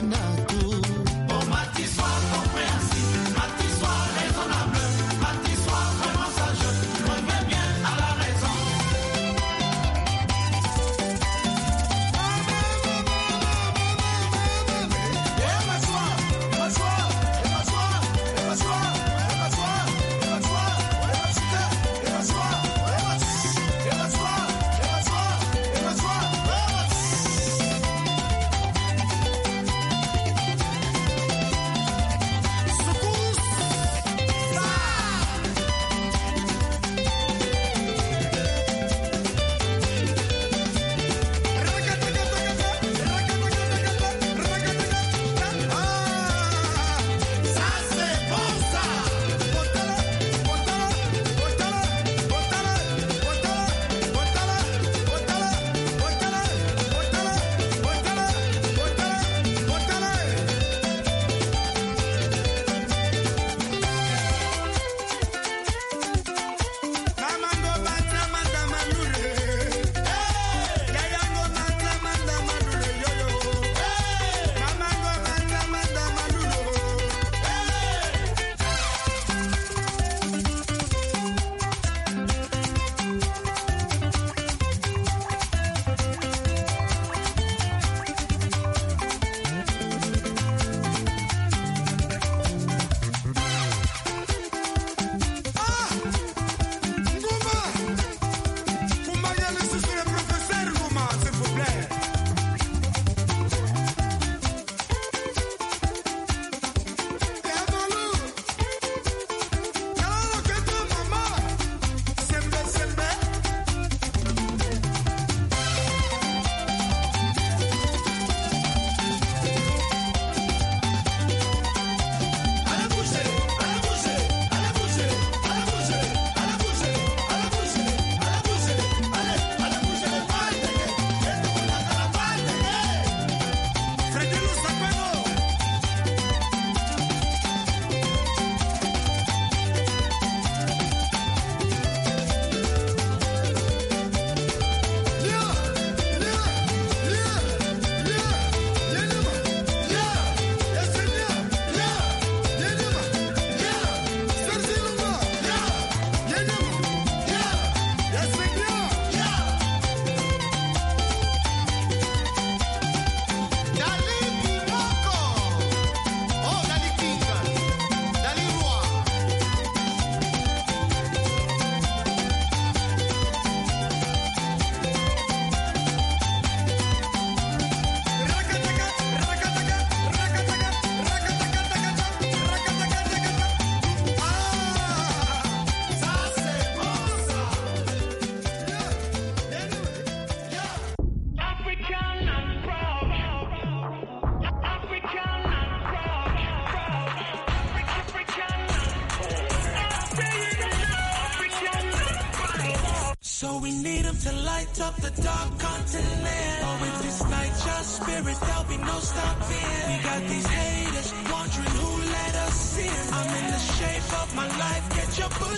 buena.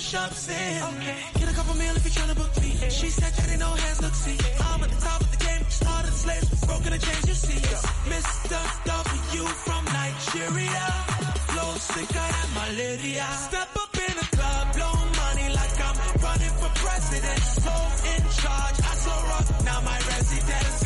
shops in. Okay. Get a couple meal if you're trying to book me. She said ain't no hands, look, see. I'm at the top of the game, started the slaves, broken the chains, you see. Mr. W from Nigeria. Flow sicker than malaria. Step up in the club, blow money like I'm running for president. So in charge, I saw rock, now my residence.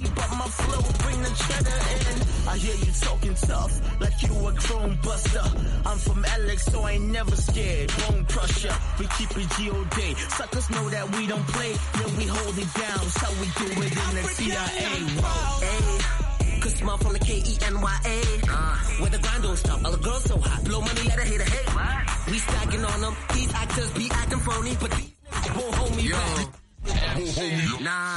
But my flow bring the cheddar in. I hear you talking tough, like you a chrome buster. I'm from Alex, so I ain't never scared. Bone crusher, we keep it G.O.D. Suckers know that we don't play, then we hold it down. So we do it in the CIA. because Chris Mom from the K-E-N-Y-A. Uh, Where the grind don't stop, all the girls so hot. Blow money, let her hate her hate. What? We stacking on them. These actors be acting phony, but these won't hold me Yo. back. Won't hold me. Nah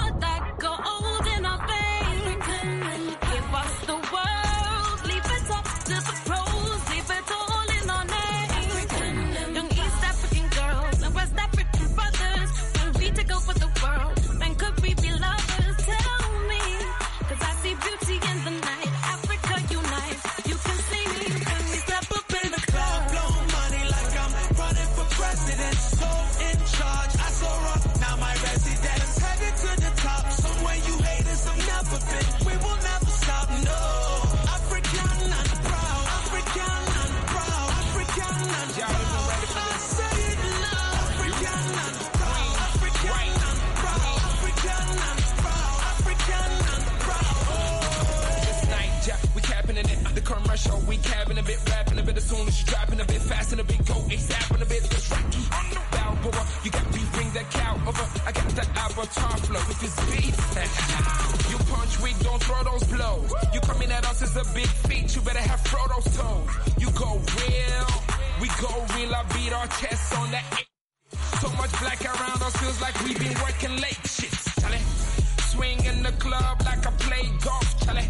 pressure. We cabin a bit, rapping a bit as soon as you dropping a bit fast and a bit go ASAP a bit. Let's i it the the boy. You got me, bring that cow over. I got that avatar flow with this beat. you punch we don't throw those blows. You coming at us as a big feat, you better have Frodo's toes. You go real, we go real. I beat our chests on that. Eight. So much black around us feels like we've been working late. Shit, Charlie. Swing in the club like I play golf, Charlie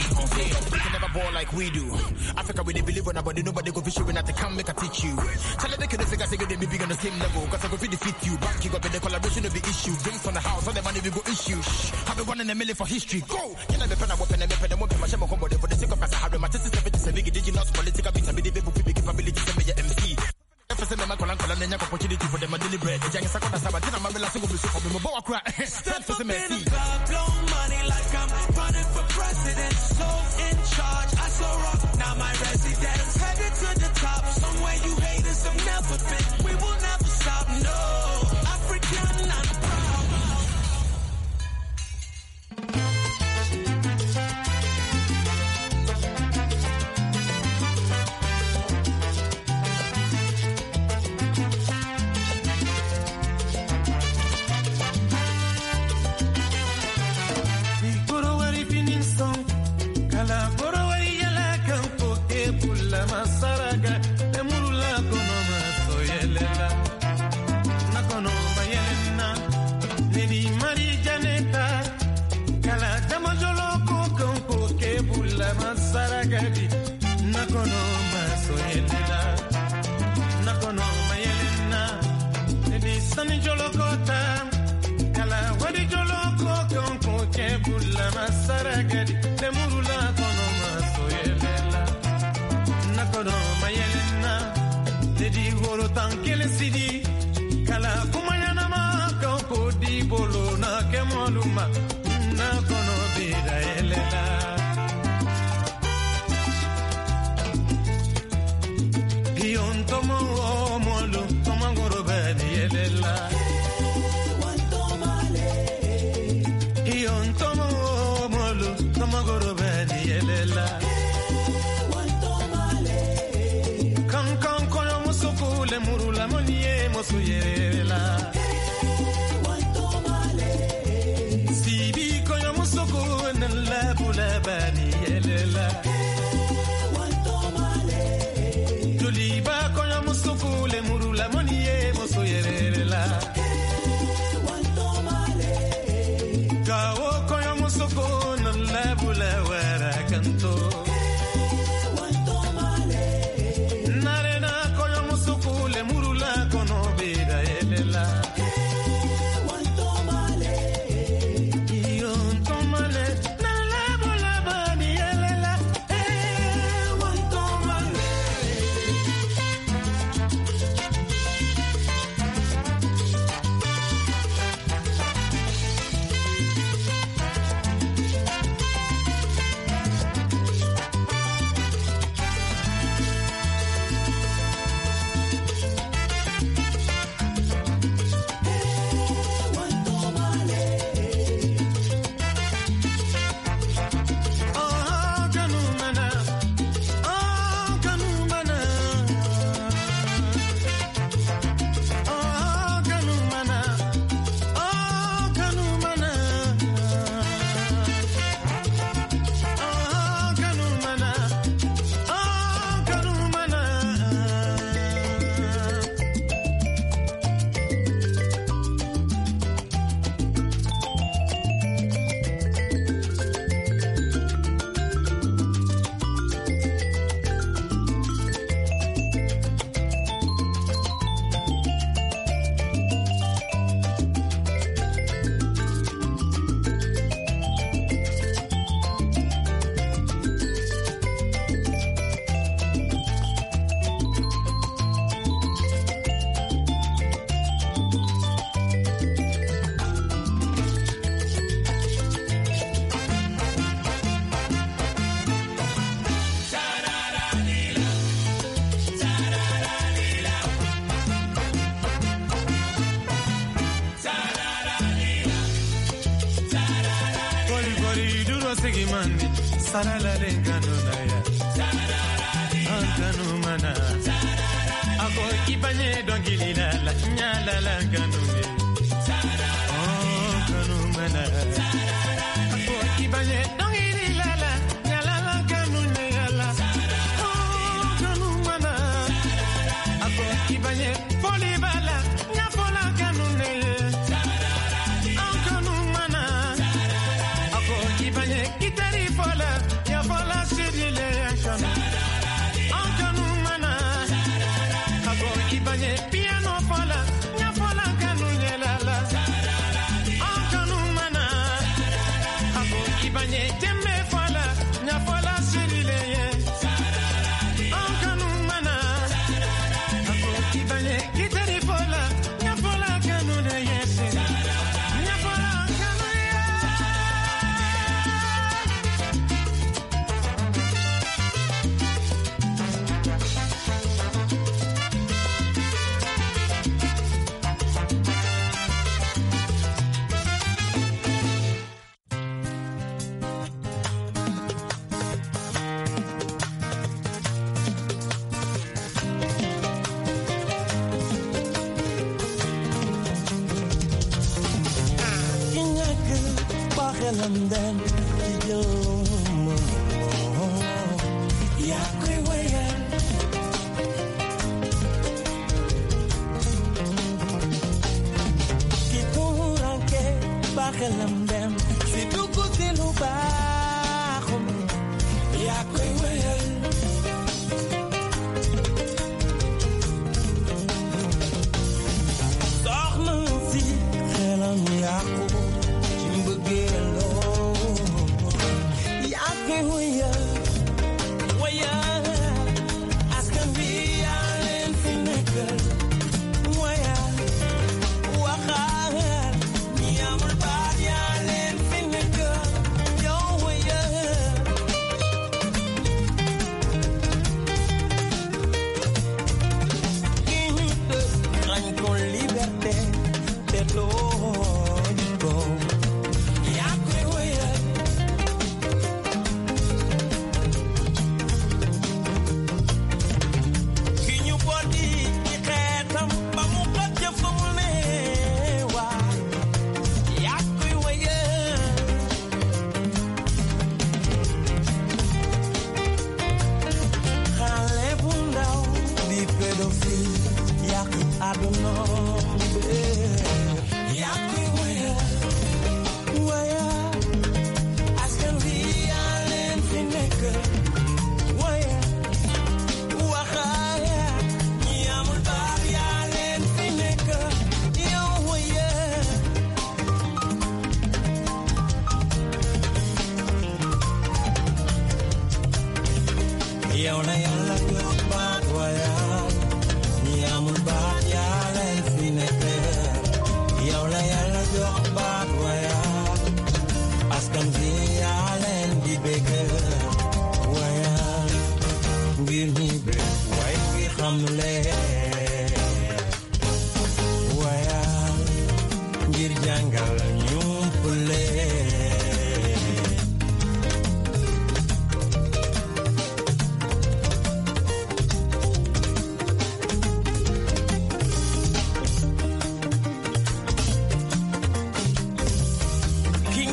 ball like we do. Africa, we they believe on nobody, nobody go fish you when I come make a teach you. Tell them they can't figure they be big on the same level. Cause I go defeat you. Back you up in the collaboration of the issue. Drinks on the house, all the money we go issue. Shh. Have a one in a million for history. Go! Can I be pen and weapon and weapon and weapon? My shame on for the sake of us. I have my sister's big digital political beats and be the people with capability to be MC fese me makola nkola nenya opportunity for them deliberate ejange sakona saba tina mabela singo bisu for me mo bawa kra step fese me see blow money like I'm running for so in charge, I so rock, now my residence. Headed to the top, somewhere you haters have never been. CD. paralale gano na ya antanu mana ako ibanye dongili la la nyala gano me mana then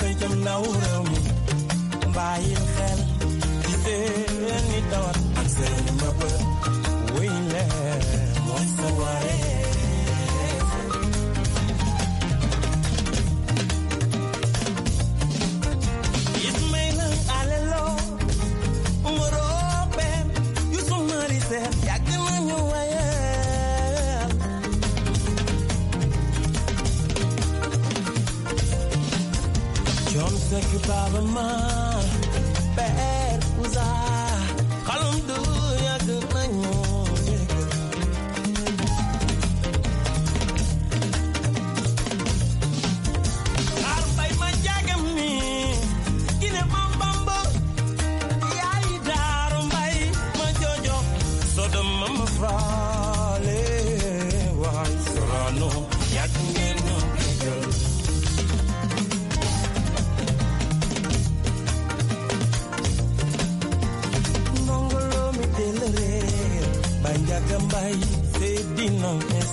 tay chăm nấu rơm bài yên khen đi tên đi tọt mặc dày mà Thank you, by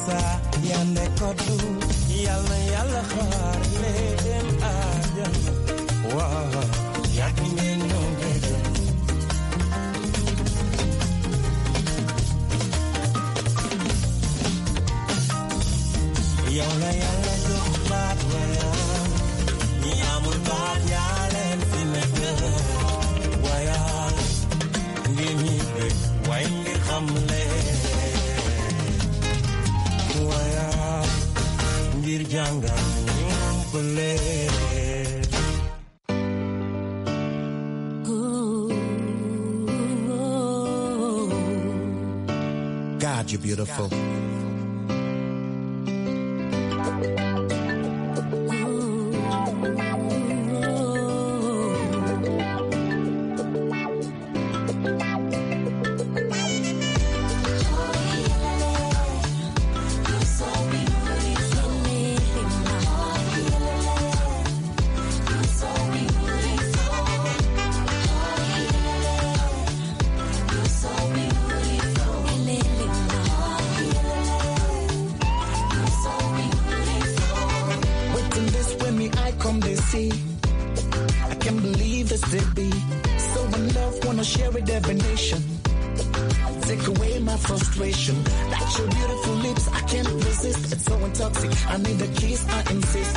sa yande ko du yalla yalla xaar le dem ajan wa yak ngeen no ngeen yow la yalla jox baat wa ñi amul fi nekk wa yaa ngeen ñi bëgg jànga God, you're beautiful. situation. That's your beautiful lips, I can't resist. It's so intoxicating. I need a kiss, I insist.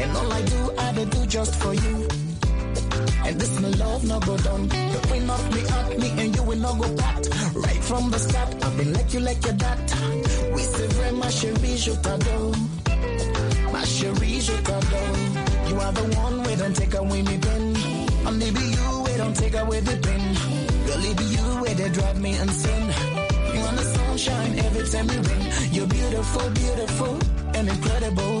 And all I do, I do, do just for you. And this my love no go down. Between of me, up, me, and you will not go back. Right from the start, I've been like you, like your dad. We say very my chérie, je t'adore. My chérie, je t'adore. You are the one, we don't take away me pen. Only be you, we don't take away the pen. Girl, it be you, where they drive me insane. You want the sunshine every time you rain. You're beautiful, beautiful, and incredible.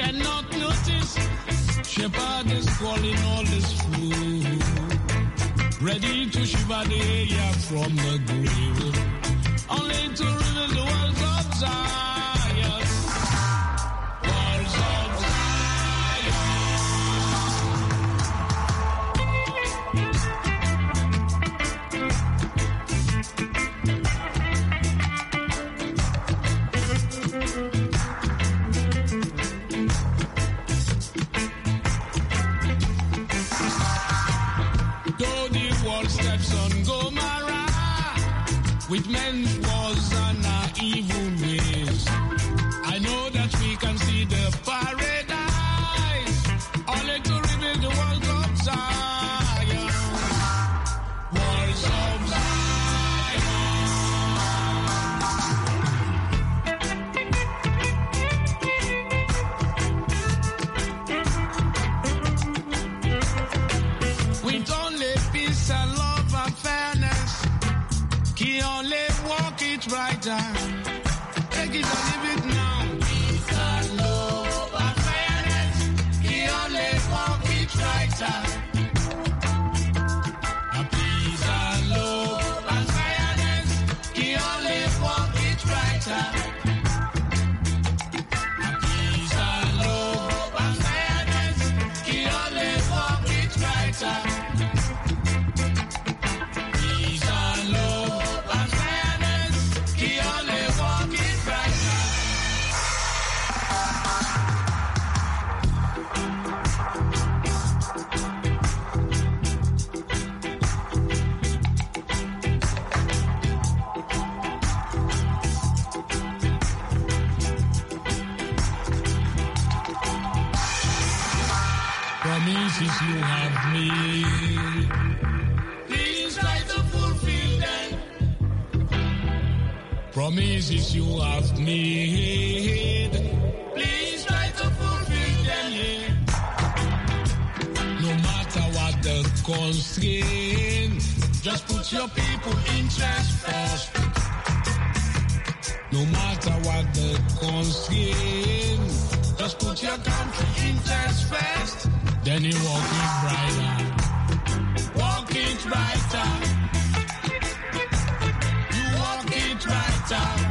cannot notice. Shepherd is calling all his food. Ready to shiver the air from the grave. Only to reveal the world's observe. with men the corn skin. Just put your people interest first. No matter what the corn skin, just put your country interest first. Then you walk it brighter, walk it brighter, you walk it brighter.